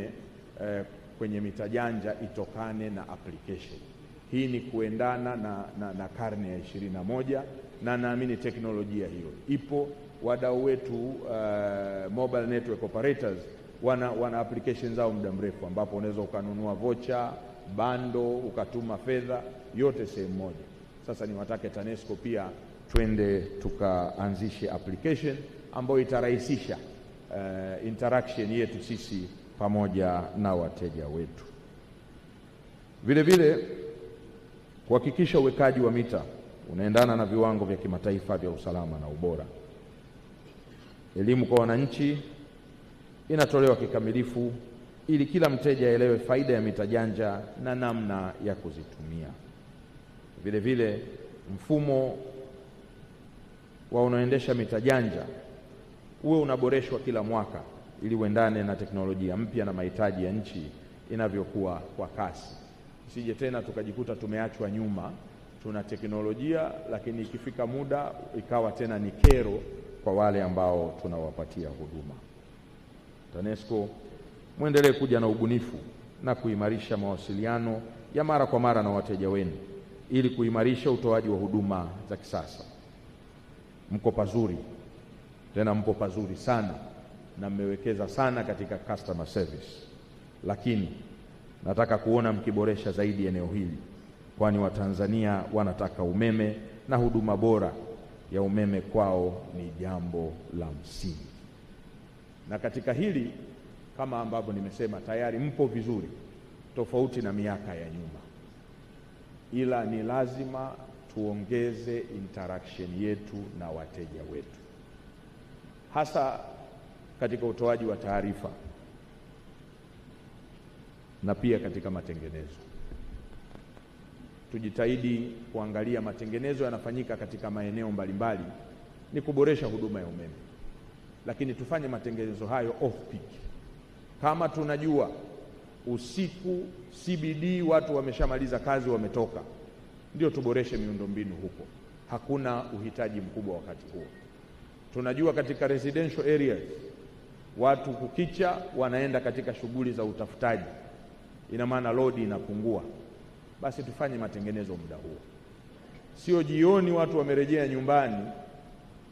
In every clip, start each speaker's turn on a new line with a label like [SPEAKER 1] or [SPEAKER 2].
[SPEAKER 1] Eh, kwenye mitajanja itokane na application. Hii ni kuendana na, na, na karne ya ishirini na moja na naamini teknolojia hiyo ipo. Wadau wetu uh, mobile network operators wana, wana application zao muda mrefu, ambapo unaweza ukanunua vocha bando ukatuma fedha yote sehemu moja. Sasa niwatake TANESCO pia twende tukaanzishe application ambayo itarahisisha uh, interaction yetu sisi pamoja na wateja wetu. Vile vile kuhakikisha uwekaji wa mita unaendana na viwango vya kimataifa vya usalama na ubora. Elimu kwa wananchi inatolewa kikamilifu ili kila mteja aelewe faida ya mita janja na namna ya kuzitumia. Vile vile mfumo wa unaoendesha mita janja uwe unaboreshwa kila mwaka ili uendane na teknolojia mpya na mahitaji ya nchi inavyokuwa kwa kasi. Usije tena tukajikuta tumeachwa nyuma, tuna teknolojia lakini ikifika muda ikawa tena ni kero kwa wale ambao tunawapatia huduma. TANESCO, mwendelee kuja na ubunifu na kuimarisha mawasiliano ya mara kwa mara na wateja wenu ili kuimarisha utoaji wa huduma za kisasa. Mko pazuri, tena mko pazuri sana na mmewekeza sana katika customer service, lakini nataka kuona mkiboresha zaidi eneo hili, kwani Watanzania wanataka umeme na huduma bora ya umeme kwao ni jambo la msingi. Na katika hili kama ambavyo nimesema tayari mpo vizuri, tofauti na miaka ya nyuma, ila ni lazima tuongeze interaction yetu na wateja wetu hasa katika utoaji wa taarifa na pia katika matengenezo. Tujitahidi kuangalia matengenezo yanafanyika katika maeneo mbalimbali, ni kuboresha huduma ya umeme, lakini tufanye matengenezo hayo off peak. Kama tunajua usiku CBD watu wameshamaliza kazi, wametoka, ndio tuboreshe miundombinu huko, hakuna uhitaji mkubwa wakati huo. Tunajua katika residential areas watu kukicha wanaenda katika shughuli za utafutaji, ina maana lodi inapungua. Basi tufanye matengenezo muda huo, sio jioni watu wamerejea nyumbani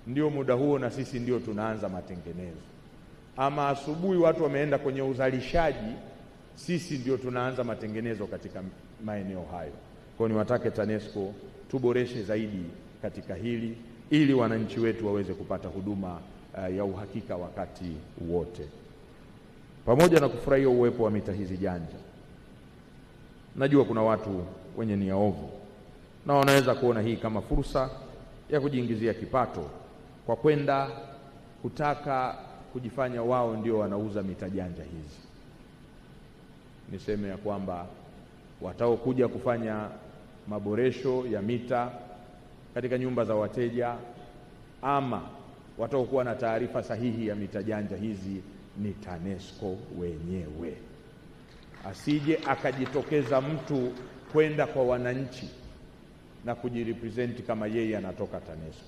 [SPEAKER 1] ndio muda huo na sisi ndio tunaanza matengenezo, ama asubuhi watu wameenda kwenye uzalishaji, sisi ndio tunaanza matengenezo katika maeneo hayo. Kwa hiyo niwatake TANESCO tuboreshe zaidi katika hili ili wananchi wetu waweze kupata huduma uh, ya uhakika wakati wote, pamoja na kufurahia uwepo wa mita hizi janja. Najua kuna watu wenye nia ovu na wanaweza kuona hii kama fursa ya kujiingizia kipato kwa kwenda kutaka kujifanya wao ndio wanauza mita janja hizi. Niseme ya kwamba wataokuja kufanya maboresho ya mita katika nyumba za wateja ama wataokuwa na taarifa sahihi ya mita janja hizi ni TANESCO wenyewe, asije akajitokeza mtu kwenda kwa wananchi na kujirepresenti kama yeye anatoka TANESCO.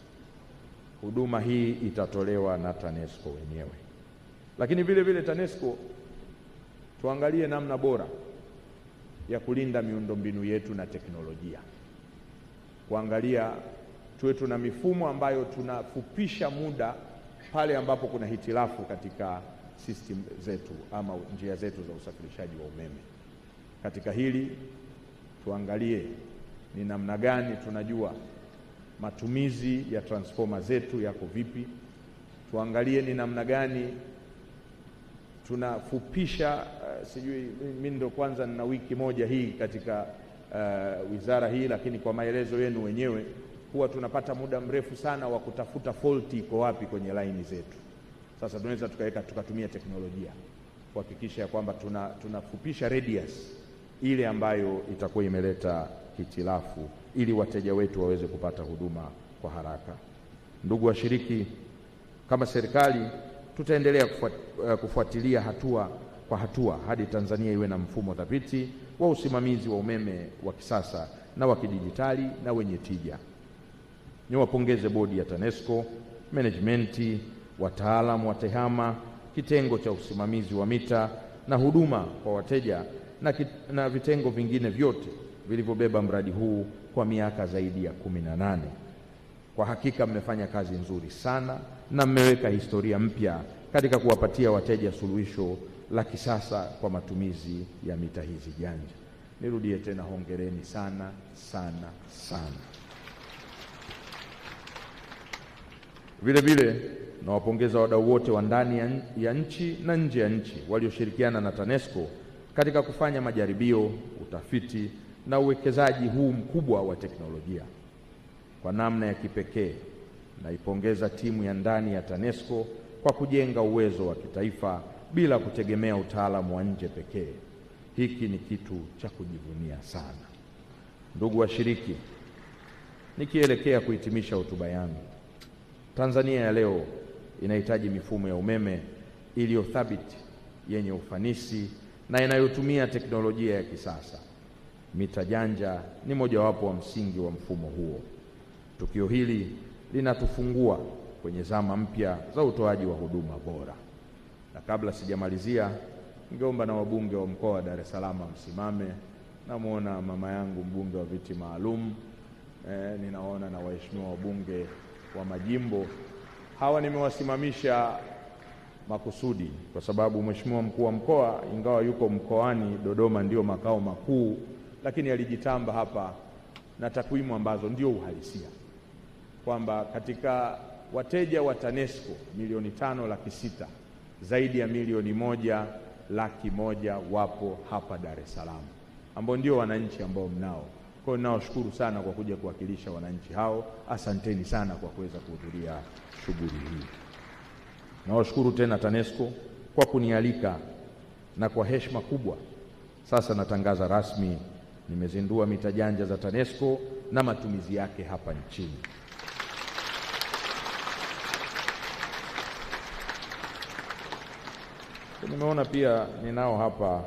[SPEAKER 1] Huduma hii itatolewa na TANESCO wenyewe, lakini vile vile TANESCO tuangalie namna bora ya kulinda miundombinu yetu na teknolojia, kuangalia tuwe tuna mifumo ambayo tunafupisha muda pale ambapo kuna hitilafu katika system zetu ama njia zetu za usafirishaji wa umeme. Katika hili tuangalie ni namna gani tunajua matumizi ya transfoma zetu yako vipi. Tuangalie ni namna gani tunafupisha. Uh, sijui mimi ndo kwanza nina wiki moja hii katika uh, wizara hii, lakini kwa maelezo yenu wenyewe huwa tunapata muda mrefu sana wa kutafuta fault iko wapi kwenye laini zetu. Sasa tunaweza tukaweka tukatumia teknolojia kuhakikisha ya kwamba tuna tunafupisha radius ile ambayo itakuwa imeleta hitilafu ili wateja wetu waweze kupata huduma kwa haraka. Ndugu washiriki, kama serikali tutaendelea eh, kufuatilia hatua kwa hatua hadi Tanzania iwe na mfumo thabiti wa usimamizi wa umeme wa kisasa na wa kidijitali na wenye tija. Niwapongeze bodi ya TANESCO, management, wataalamu wa TEHAMA, kitengo cha usimamizi wa mita na huduma kwa wateja na, kit, na vitengo vingine vyote vilivyobeba mradi huu kwa miaka zaidi ya kumi na nane. Kwa hakika mmefanya kazi nzuri sana na mmeweka historia mpya katika kuwapatia wateja suluhisho la kisasa kwa matumizi ya mita hizi janja. Nirudie tena, hongereni sana sana sana. Vile vile nawapongeza wadau wote wa ndani ya nchi na nje ya nchi walioshirikiana na TANESCO katika kufanya majaribio, utafiti na uwekezaji huu mkubwa wa teknolojia. Kwa namna ya kipekee, naipongeza timu ya ndani ya TANESCO kwa kujenga uwezo wa kitaifa bila kutegemea utaalamu wa nje pekee. Hiki ni kitu cha kujivunia sana. Ndugu washiriki, nikielekea kuhitimisha hotuba yangu Tanzania ya leo inahitaji mifumo ya umeme iliyo thabiti, yenye ufanisi na inayotumia teknolojia ya kisasa. Mita janja ni mojawapo wa msingi wa mfumo huo. Tukio hili linatufungua kwenye zama mpya za utoaji wa huduma bora. Na kabla sijamalizia, ningeomba na wabunge wa mkoa wa Dar es Salaam msimame. Namwona mama yangu mbunge wa viti maalum. Eh, ninaona na waheshimiwa wabunge wa majimbo. Hawa nimewasimamisha makusudi kwa sababu mheshimiwa mkuu wa mkoa ingawa yuko mkoani Dodoma, ndio makao makuu, lakini alijitamba hapa na takwimu ambazo ndio uhalisia kwamba katika wateja wa TANESCO milioni tano laki sita zaidi ya milioni moja laki moja wapo hapa Dar es Salaam ambao ndio wananchi ambao mnao kwa hiyo ninawashukuru sana kwa kuja kuwakilisha wananchi hao. Asanteni sana kwa kuweza kuhudhuria shughuli hii. Nawashukuru tena TANESCO kwa kunialika na kwa heshima kubwa, sasa natangaza rasmi nimezindua mita janja za TANESCO na matumizi yake hapa nchini. Nimeona pia ninao hapa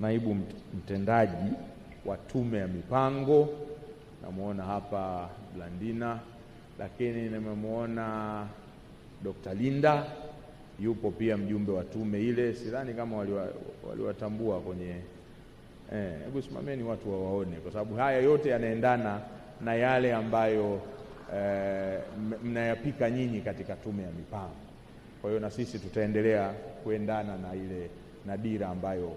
[SPEAKER 1] naibu mtendaji wa tume ya mipango, namwona hapa Blandina, lakini nimemwona Dr. Linda yupo pia mjumbe wa tume ile, sidhani kama waliwatambua wali kwenye. Eh, hebu eh, simameni watu wawaone, kwa sababu haya yote yanaendana na yale ambayo eh, mnayapika nyinyi katika tume ya mipango. Kwa hiyo na sisi tutaendelea kuendana na ile na dira ambayo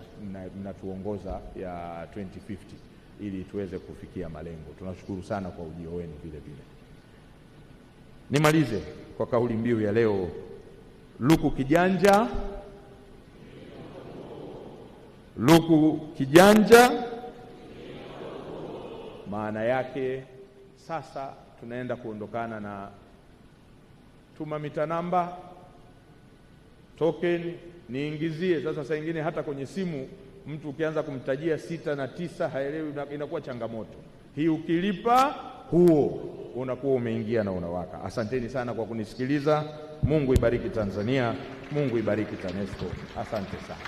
[SPEAKER 1] mnatuongoza ya 2050 ili tuweze kufikia malengo. Tunashukuru sana kwa ujio wenu. Vile vile nimalize kwa kauli mbiu ya leo, luku kijanja, luku kijanja. Maana yake sasa tunaenda kuondokana na tuma mita namba token niingizie. Sasa saa nyingine hata kwenye simu mtu ukianza kumtajia sita na tisa haelewi, inakuwa changamoto hii. Ukilipa huo unakuwa umeingia na unawaka. Asanteni sana kwa kunisikiliza. Mungu ibariki Tanzania, Mungu ibariki TANESCO. Asante sana.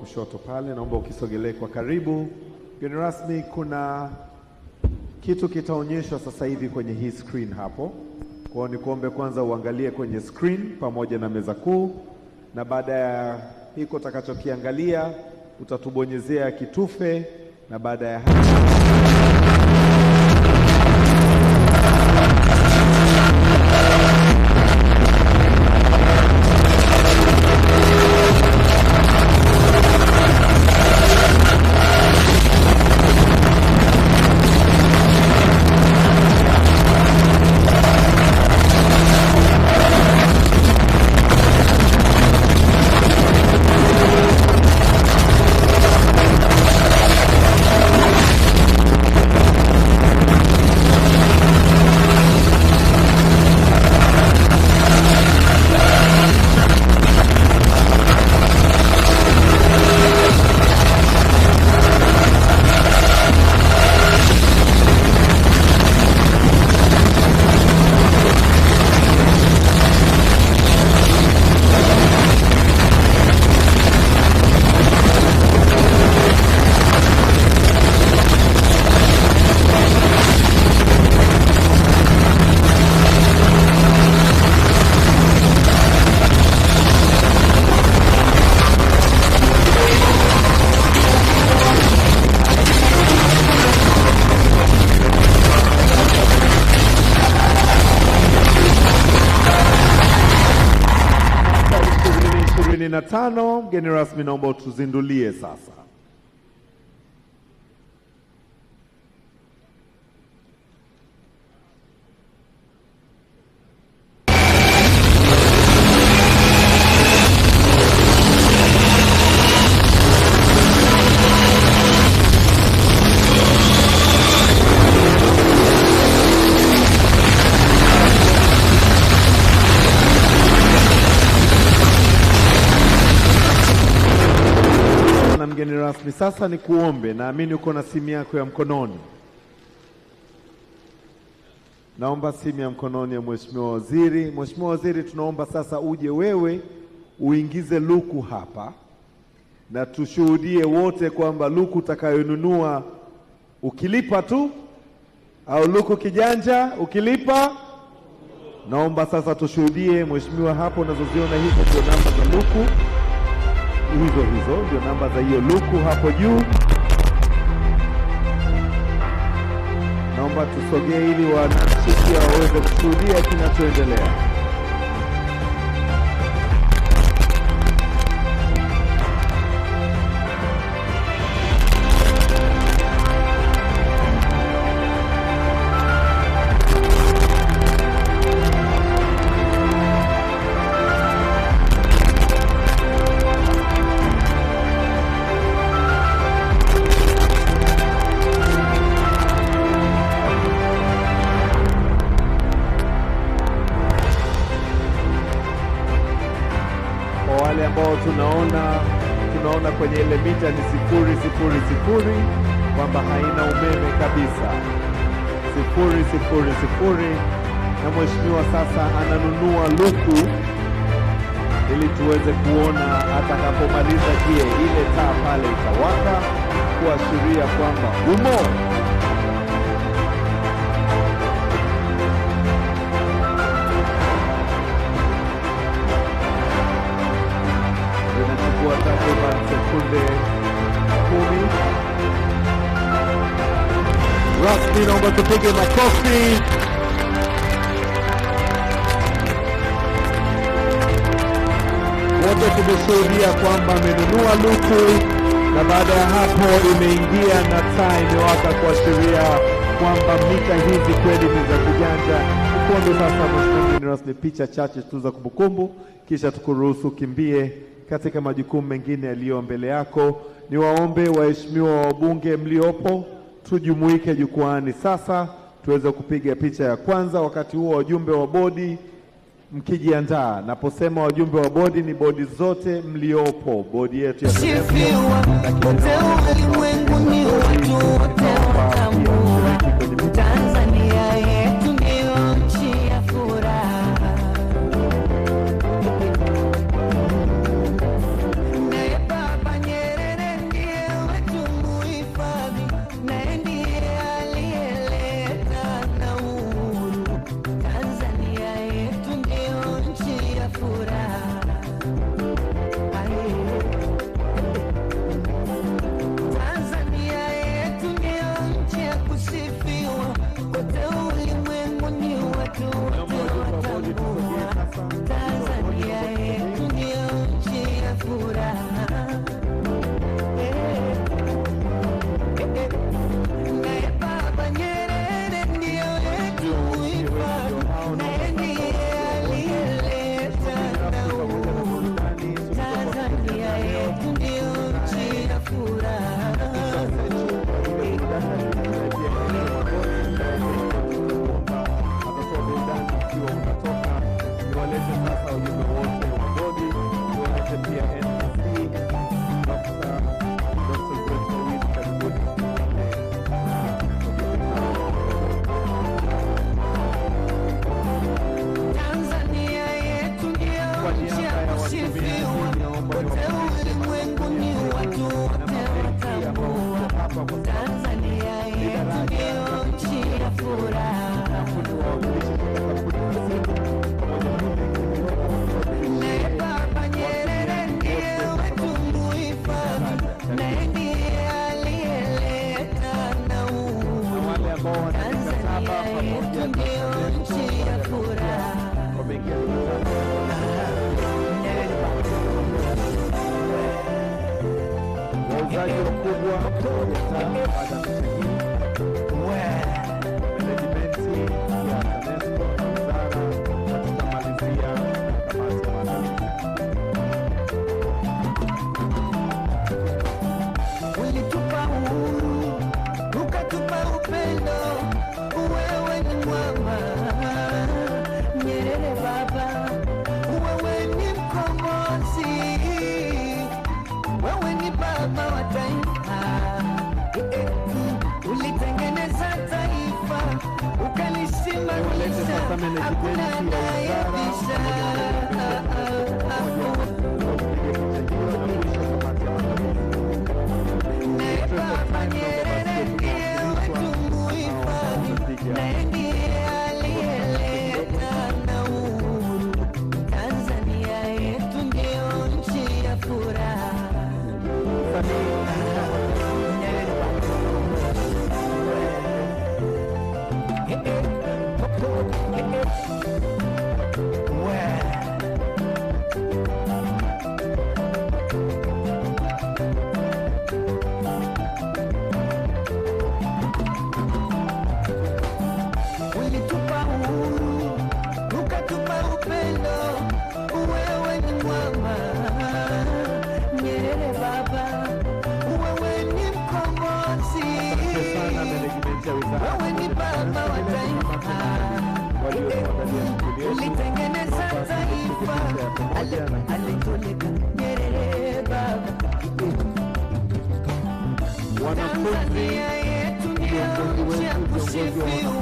[SPEAKER 1] kushoto pale, naomba ukisogelee kwa karibu. Mgeni rasmi, kuna kitu kitaonyeshwa sasa hivi kwenye hii screen hapo. Kwa hiyo nikuombe kwanza uangalie kwenye screen pamoja na meza kuu, na baada ya hiko utakachokiangalia utatubonyezea kitufe, na baada ya hapo Mgeni rasmi, naomba utuzindulie sasa. sasa nikuombe, naamini uko na simu yako ya mkononi. Naomba simu ya mkononi ya Mheshimiwa Waziri. Mheshimiwa Waziri, tunaomba sasa uje wewe uingize luku hapa na tushuhudie wote kwamba luku utakayonunua ukilipa tu au luku kijanja ukilipa. Naomba sasa tushuhudie, Mheshimiwa, hapo unazoziona hizo ndio namba za luku hizo hizo ndio namba za hiyo luku hapo juu. Naomba tusogee ili wananchi pia waweze kushuhudia kinachoendelea. ambao tunaona tunaona kwenye ile mita ni sifuri sifuri sifuri kwamba haina umeme kabisa, sifuri sifuri sifuri. Na mweshimiwa sasa ananunua luku ili tuweze kuona atakapomaliza kie ile taa pale itawaka kuashiria kwamba umo Rugby naomba tupige makofi. Wote tumeshuhudia kwamba amenunua luku na baada ya hapo imeingia na taa imewaka kuashiria kwamba mita hizi kweli ni za kujanja. Mkondo sasa, mheshimiwa rasmi, picha chache tu za kumbukumbu, kisha tukuruhusu kimbie katika majukumu mengine yaliyo mbele yako. Niwaombe waheshimiwa wabunge mliopo tujumuike jukwaani sasa tuweze kupiga picha ya kwanza. Wakati huo wajumbe wa bodi mkijiandaa, naposema wajumbe wa bodi ni bodi zote mliopo, bodi yetu ya
[SPEAKER 2] kuwatia wasifiwa, wote ulimwengu ni watu watambua, Lord. wewe ni baba wa taifa, ulitengeneza taifa, alituleta Nyerere baba. Tanzania yetu ndio nchi ya kusifiwa,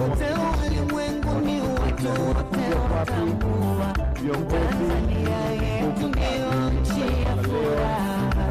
[SPEAKER 2] wote ulimwenguni watu wote watambua. Tanzania yetu ndio nchi ya furaha.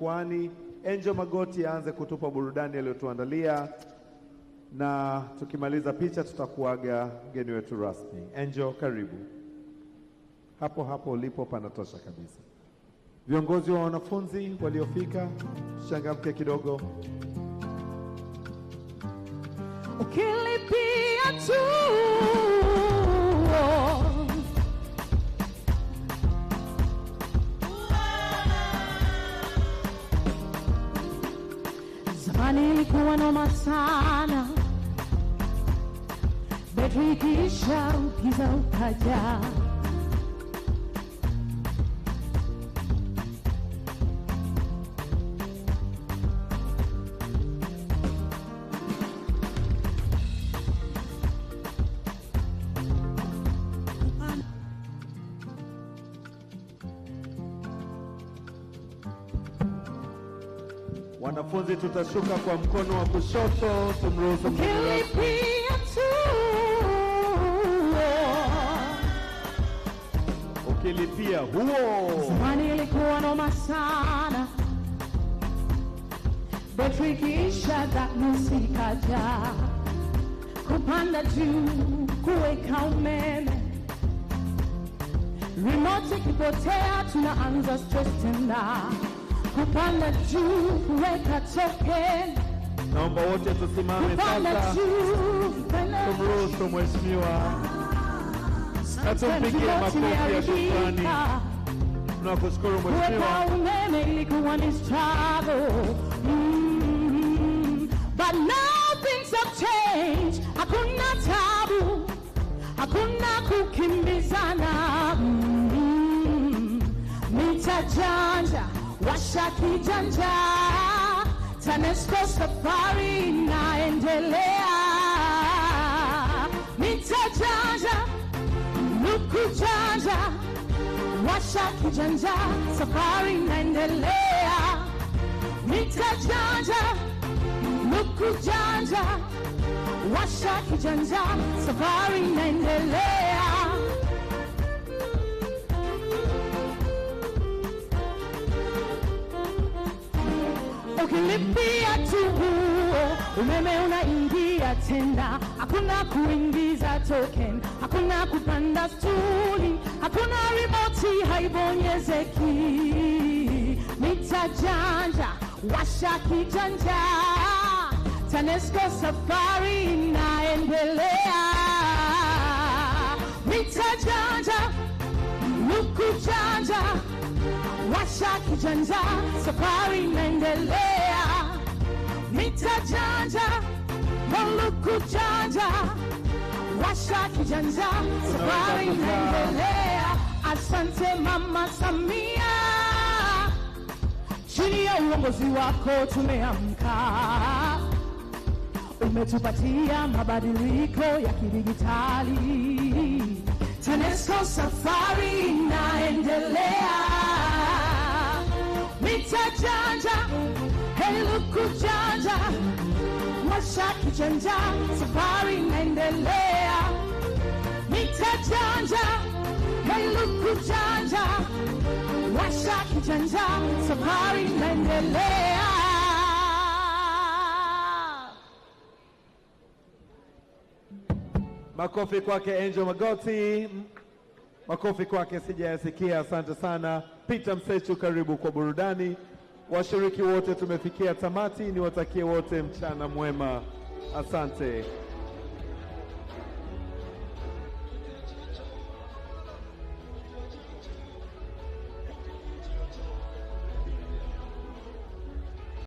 [SPEAKER 2] jukwani. Angel Magoti aanze kutupa burudani aliyotuandalia, na tukimaliza picha tutakuaga mgeni wetu rasmi. Angel, karibu. Hapo hapo ulipo panatosha kabisa. Viongozi wa wanafunzi waliofika, shangamke kidogo. Ukilipia tu ilikuwa noma sana, betri ikiisha ukiza ukaja Wanafunzi, tutashuka kwa mkono wa kushoto, tumruhusu ukilipia huo. Zamani ilikuwa noma sana, betrikisha ikiisha dhanusi kupanda juu, kuweka umeme, remote ikipotea, tunaanza stress tena Kupanda juu, weka token. Naomba wote tusimame sasa, tumruhusu mheshimiwa na tumpigie makofi ya shukrani. Tunakushukuru mheshimiwa. umeme ilikuwa ni struggle Mm. Mm-hmm. but now things have changed. Hakuna tabu, hakuna kukimbizana. Mm. Mm-hmm. Mita janja Washa kijanja Tanesco safari inaendelea Mita janja Nuku janja Washa kijanja Safari inaendelea Mita janja Nuku janja Washa kijanja Safari inaendelea ukilipia funguo umeme unaingia tenda hakuna kuingiza token, hakuna kupanda stuli, hakuna remote haibonyezeki. mitajanja washa kijanja, TANESCO safari inaendelea. Mita nukujanja Washa kijanja, safari inaendelea. Mita janja, Moluku janja, washa kijanja, safari inaendelea. Asante Mama Samia, chini ya uongozi wako tumeamka, umetupatia mabadiliko ya kidigitali. TANESCO safari inaendelea nitajanja helu kujanja mwasha kijanja safari naendelea nitajanja helu kujanja mwasha kijanja safari naendelea makofi kwake angel magoti Makofi kwake sijayasikia. Asante sana Peter Msechu, karibu kwa burudani. Washiriki wote tumefikia tamati, niwatakie wote mchana mwema. Asante.